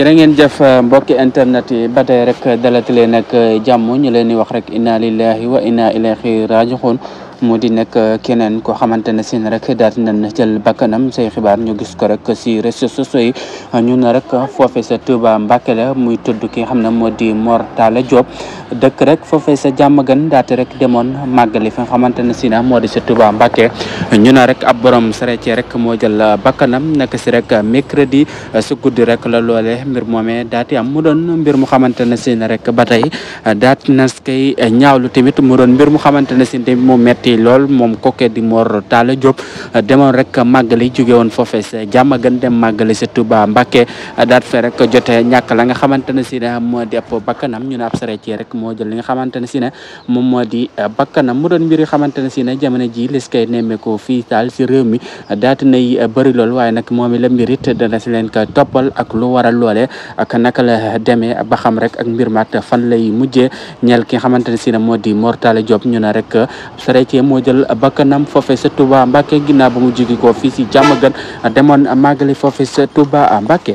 jërë ngeen jëf euh, mbokki internet yi ba tey rek dalati leen ak jàmm ñu leen di wax rek inna lillahi wa inna ilayhi raji'un moo di nag euh, keneen koo xamante ne rek daal di jël bakkanam say xibaar ñu gis ko rek si réseaux sociaux yi ñu ne rek foofe sa Touba Mbacké la muy tudd ki nga xam ne moo di Mor Talla Diop dëkk rek foofe sa jàmm gan daate rek demoon màggali fi nga xamante ne si moo di sa Touba Mbacké ñu ne rek ab borom sareet rek moo jël bakkanam nekk si rek mercredi euh, su guddi rek la loole mbir moomee daati am mu doon mbir mu xamante ne ba tey euh, daat nas koy ñaawlu tamit ci lool moom koke di Mor Talla Diop demoon rek màggali jóge woon foofe sa jàmm gën dem màggali sa Touba Mbacké daat fe rek jote ñàkk la nga xamante ne si ne moo di bakkanam ñu ne ab sare ci rek moo jël li nga xamante ne si ne moom moo di bakkanam mu doon mbiri xamante ne si ne jamono ji lis koy fii taal si réew mi daati nay bëri lool waaye nag moom i la mbir it dana si leen ko toppal ak lu waral loolee ak naka la demee ba xam rek ak mbir maat fan lay mujjee ñeel ki nga xamante ne si ne moo di Mor Talla ñu Mbacke moo jël bakkanam foofe sa Touba Mbacke ginnaaw ba mu jóge ko fii si jàmm gën demoon màggali foofe sa Touba Mbacke